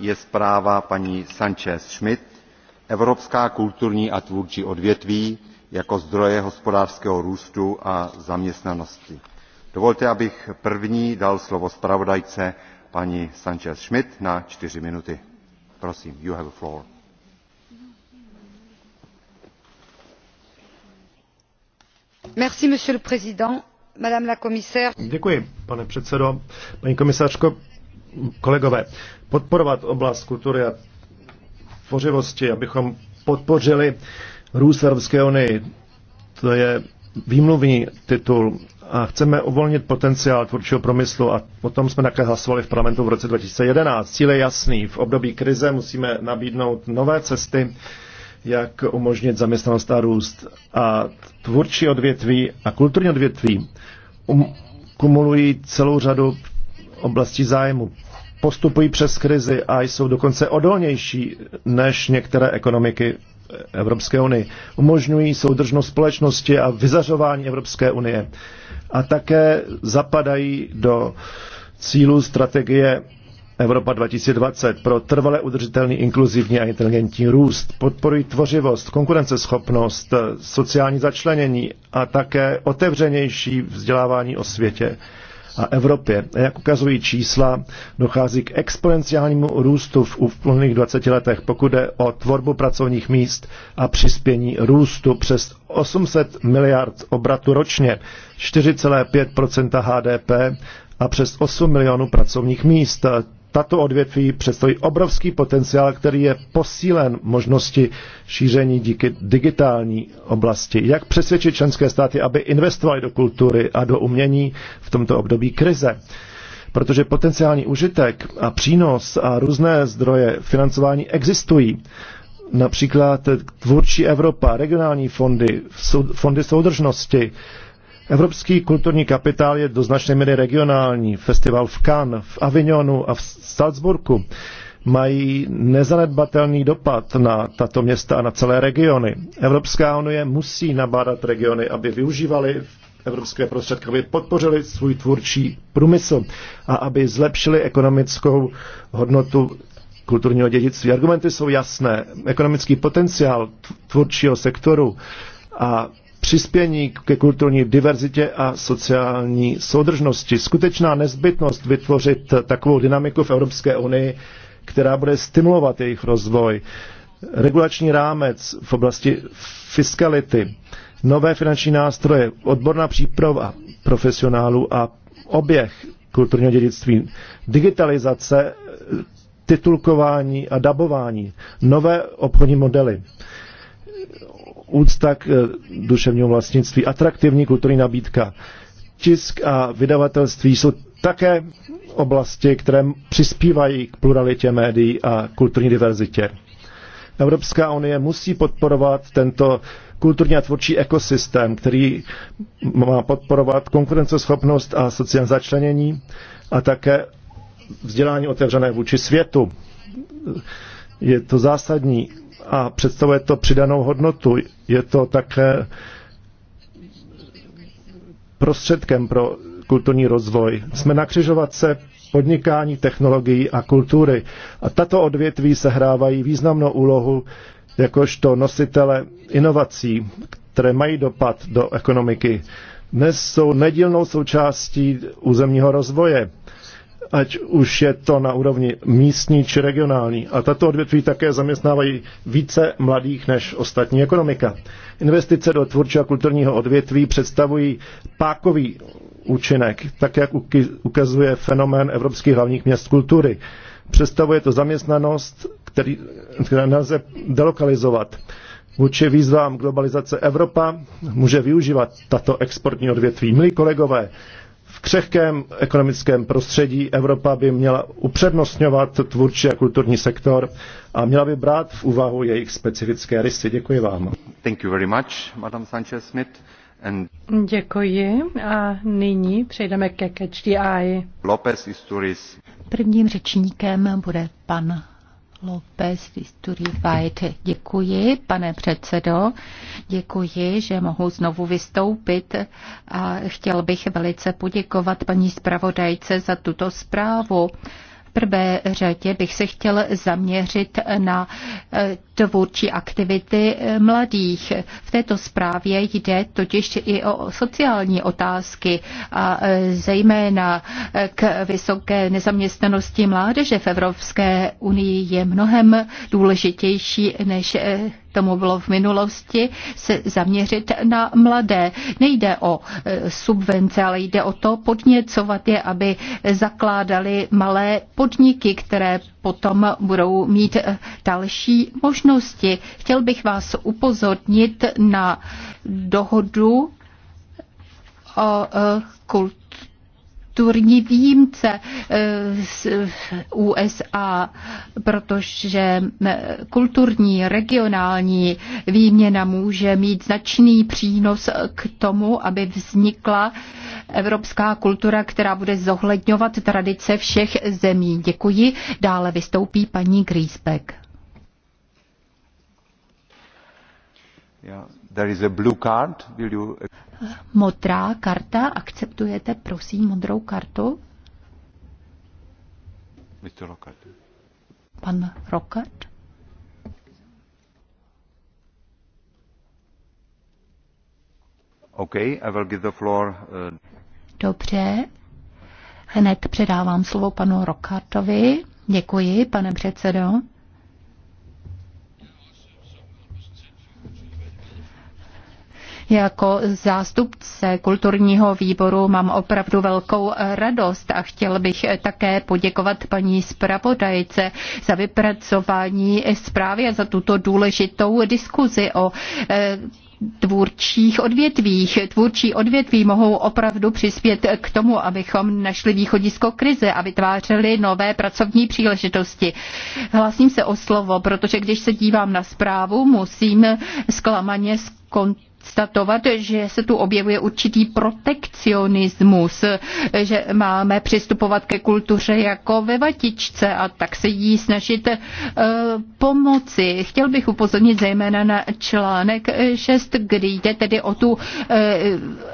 je zpráva paní sanchez schmidt evropská kulturní a tvůrčí odvětví jako zdroje hospodářského růstu a zaměstnanosti. dovolte abych první dal slovo zpravodajce paní sanchez schmidt na čtyři minuty. prosím you Děkuji, pane předsedo. Paní komisařko, kolegové, podporovat oblast kultury a tvořivosti, abychom podpořili růst Evropské unii. To je výmluvní titul a chceme uvolnit potenciál tvůrčího promyslu a o tom jsme také hlasovali v parlamentu v roce 2011. Cíl je jasný. V období krize musíme nabídnout nové cesty, jak umožnit zaměstnanost a růst. A tvůrčí odvětví a kulturní odvětví um, kumulují celou řadu oblasti zájmu postupují přes krizi a jsou dokonce odolnější než některé ekonomiky Evropské unie. Umožňují soudržnost společnosti a vyzařování Evropské unie. A také zapadají do cílů strategie Evropa 2020 pro trvale udržitelný, inkluzivní a inteligentní růst. Podporují tvořivost, konkurenceschopnost, sociální začlenění a také otevřenější vzdělávání o světě a Evropě. Jak ukazují čísla, dochází k exponenciálnímu růstu v uplynulých 20 letech, pokud jde o tvorbu pracovních míst a přispění růstu přes 800 miliard obratu ročně, 4,5 HDP a přes 8 milionů pracovních míst tato odvětví představují obrovský potenciál, který je posílen možnosti šíření díky digitální oblasti. Jak přesvědčit členské státy, aby investovali do kultury a do umění v tomto období krize? Protože potenciální užitek a přínos a různé zdroje financování existují. Například Tvůrčí Evropa, regionální fondy, fondy soudržnosti, Evropský kulturní kapitál je do značné míry regionální. Festival v Cannes, v Avignonu a v Salzburgu mají nezanedbatelný dopad na tato města a na celé regiony. Evropská unie musí nabádat regiony, aby využívali evropské prostředky, aby podpořili svůj tvůrčí průmysl a aby zlepšili ekonomickou hodnotu kulturního dědictví. Argumenty jsou jasné. Ekonomický potenciál tvůrčího sektoru a přispění ke kulturní diverzitě a sociální soudržnosti. Skutečná nezbytnost vytvořit takovou dynamiku v Evropské unii, která bude stimulovat jejich rozvoj. Regulační rámec v oblasti fiskality, nové finanční nástroje, odborná příprava profesionálů a oběh kulturního dědictví, digitalizace, titulkování a dabování, nové obchodní modely úcta k eh, duševnímu vlastnictví, atraktivní kulturní nabídka. Tisk a vydavatelství jsou také oblasti, které přispívají k pluralitě médií a kulturní diverzitě. Evropská unie musí podporovat tento kulturně a tvůrčí ekosystém, který má podporovat konkurenceschopnost a sociální začlenění a také vzdělání otevřené vůči světu. Je to zásadní a představuje to přidanou hodnotu. Je to také prostředkem pro kulturní rozvoj. Jsme na křižovatce podnikání, technologií a kultury. A tato odvětví sehrávají významnou úlohu jakožto nositele inovací, které mají dopad do ekonomiky. Dnes jsou nedílnou součástí územního rozvoje ať už je to na úrovni místní či regionální. A tato odvětví také zaměstnávají více mladých než ostatní ekonomika. Investice do tvůrčí a kulturního odvětví představují pákový účinek, tak jak ukazuje fenomén evropských hlavních měst kultury. Představuje to zaměstnanost, který, která nelze delokalizovat. Vůči výzvám globalizace Evropa může využívat tato exportní odvětví. Milí kolegové, křehkém ekonomickém prostředí Evropa by měla upřednostňovat tvůrčí a kulturní sektor a měla by brát v úvahu jejich specifické rysy. Děkuji vám. Thank you very much, Madam Sanchez Smith. And... Děkuji a nyní přejdeme ke HDI. López Isturiz. Prvním řečníkem bude pan López Visturibajt. Děkuji, pane předsedo. Děkuji, že mohu znovu vystoupit a chtěl bych velice poděkovat paní zpravodajce za tuto zprávu prvé řadě bych se chtěl zaměřit na eh, tvůrčí aktivity eh, mladých. V této zprávě jde totiž i o sociální otázky a eh, zejména k vysoké nezaměstnanosti mládeže v Evropské unii je mnohem důležitější než tomu bylo v minulosti, se zaměřit na mladé. Nejde o e, subvence, ale jde o to podněcovat je, aby zakládali malé podniky, které potom budou mít e, další možnosti. Chtěl bych vás upozornit na dohodu o e, kultu kulturní výjimce eh, z USA, protože kulturní regionální výměna může mít značný přínos k tomu, aby vznikla evropská kultura, která bude zohledňovat tradice všech zemí. Děkuji. Dále vystoupí paní Griesbeck. There is a blue card. Will you... Modrá karta. Akceptujete, prosím, modrou kartu? Mr. Rocard. Pan Rocard? Okay, I will give the floor, uh... Dobře. Hned předávám slovo panu Rokartovi. Děkuji, pane předsedo. Jako zástupce kulturního výboru mám opravdu velkou radost a chtěl bych také poděkovat paní zpravodajce za vypracování zprávy a za tuto důležitou diskuzi o eh, tvůrčích odvětvích. Tvůrčí odvětví mohou opravdu přispět k tomu, abychom našli východisko krize a vytvářeli nové pracovní příležitosti. Hlasím se o slovo, protože když se dívám na zprávu, musím zklamaně skontrolovat konstatovat, že se tu objevuje určitý protekcionismus, že máme přistupovat ke kultuře jako ve vatičce a tak se jí snažit eh, pomoci. Chtěl bych upozornit zejména na článek 6, kdy jde tedy o tu, eh,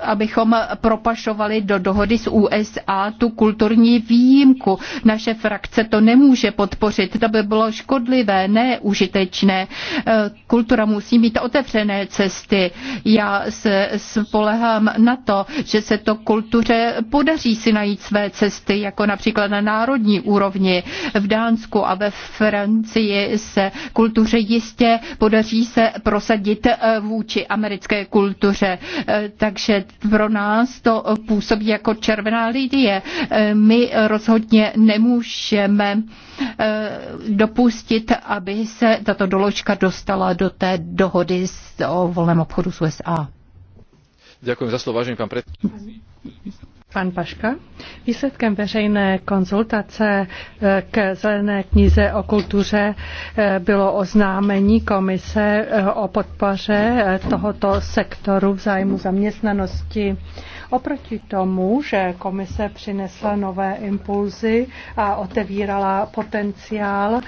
abychom propašovali do dohody s USA tu kulturní výjimku. Naše frakce to nemůže podpořit, to by bylo škodlivé, neužitečné. Eh, kultura musí mít otevřené cesty já se spolehám na to, že se to kultuře podaří si najít své cesty, jako například na národní úrovni. V Dánsku a ve Francii se kultuře jistě podaří se prosadit eh, vůči americké kultuře. Eh, takže pro nás to působí jako červená lidie. Eh, my rozhodně nemůžeme dopustit, aby se tato doložka dostala do té dohody o volném obchodu s USA. Děkuji za slovo, vážený pan pred... Pan Paška, výsledkem veřejné konzultace eh, k zelené knize o kultuře eh, bylo oznámení komise eh, o podpoře tohoto sektoru v zájmu zaměstnanosti. Oproti tomu, že komise přinesla nové impulzy a otevírala potenciál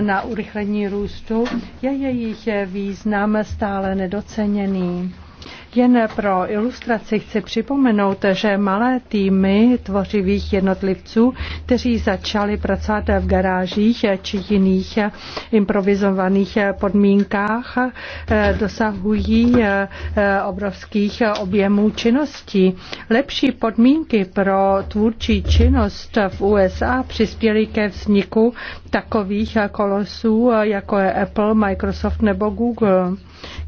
na urychlení růstu, je jejich význam stále nedoceněný. Jen pro ilustraci chci připomenout, že malé týmy tvořivých jednotlivců, kteří začali pracovat v garážích či jiných improvizovaných podmínkách, eh, dosahují eh, obrovských objemů činností. Lepší podmínky pro tvůrčí činnost v USA přispěly ke vzniku takových kolosů jako je Apple, Microsoft nebo Google.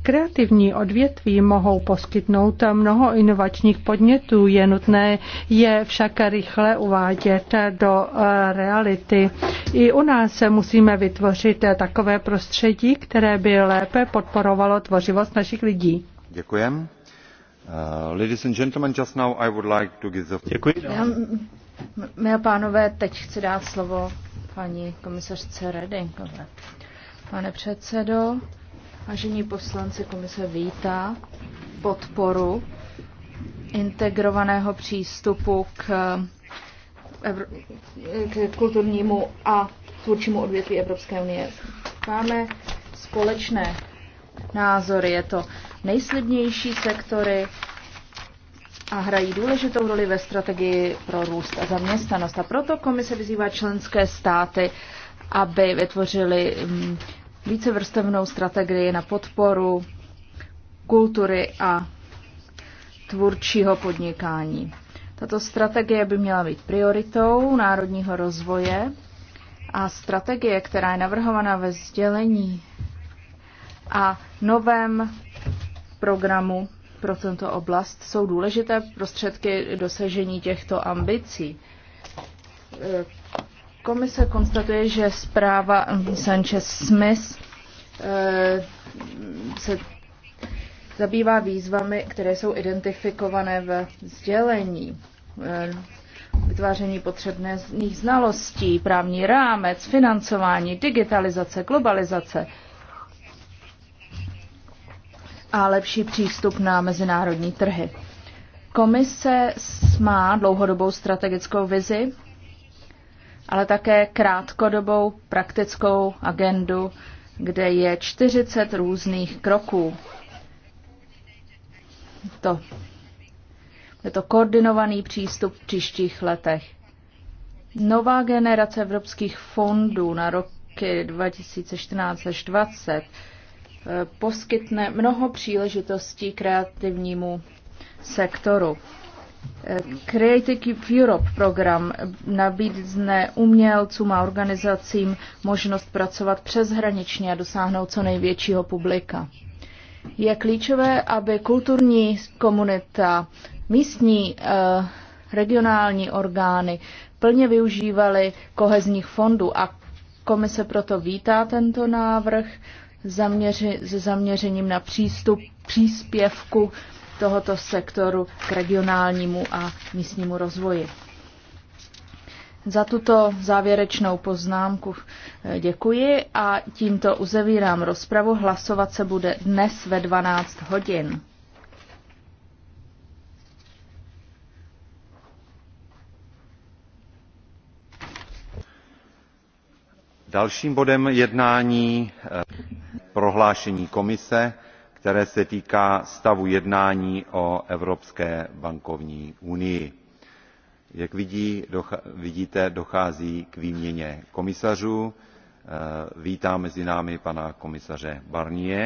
Kreativní odvětví mohou poskytnout mnoho inovačních podnětů, je nutné je však rychle uvádět do eh, reality. I u nás se musíme vytvořit takové prostředí, které by lépe podporovalo tvořivost našich lidí. Děkujem. Uh, ladies and gentlemen, just now I would like to give the... Děkuji. a pánové, teď chci dát slovo paní komisařce Redingové. Pane předsedo, Vážení poslanci, komise vítá podporu integrovaného přístupu k, k kulturnímu a tvůrčímu odvětví Evropské unie. Máme společné názory, je to nejslibnější sektory a hrají důležitou roli ve strategii pro růst a zaměstnanost. A proto komise vyzývá členské státy, aby vytvořili mm, vícevrstevnou strategii na podporu kultury a tvůrčího podnikání. Tato strategie by měla být prioritou národního rozvoje a strategie, která je navrhovaná ve sdělení a novém programu pro tento oblast, jsou důležité prostředky dosažení těchto ambicí. Komise konstatuje, že zpráva Sanchez-Smith eh, se zabývá výzvami, které jsou identifikované ve sdělení, eh, vytváření potřebných znalostí, právní rámec, financování, digitalizace, globalizace a lepší přístup na mezinárodní trhy. Komise má dlouhodobou strategickou vizi ale také krátkodobou praktickou agendu, kde je 40 různých kroků. To. Je to koordinovaný přístup v příštích letech. Nová generace evropských fondů na roky 2014 až 2020 eh, poskytne mnoho příležitostí kreativnímu sektoru. Creative Europe program nabídne umělcům a organizacím možnost pracovat přeshraničně a dosáhnout co největšího publika. Je klíčové, aby kulturní komunita, místní, eh, regionální orgány plně využívaly kohezních fondů a komise proto vítá tento návrh zaměři, se zaměřením na přístup příspěvku tohoto sektoru k regionálnímu a místnímu rozvoji. Za tuto závěrečnou poznámku eh, děkuji a tímto uzavírám rozpravu. Hlasovat se bude dnes ve 12 hodin. Dalším bodem jednání eh, prohlášení komise které se týká stavu jednání o evropské bankovní unii. jak vidíte dochází k výměně komisařů eh, vítám mezi námi pana komisaře barniera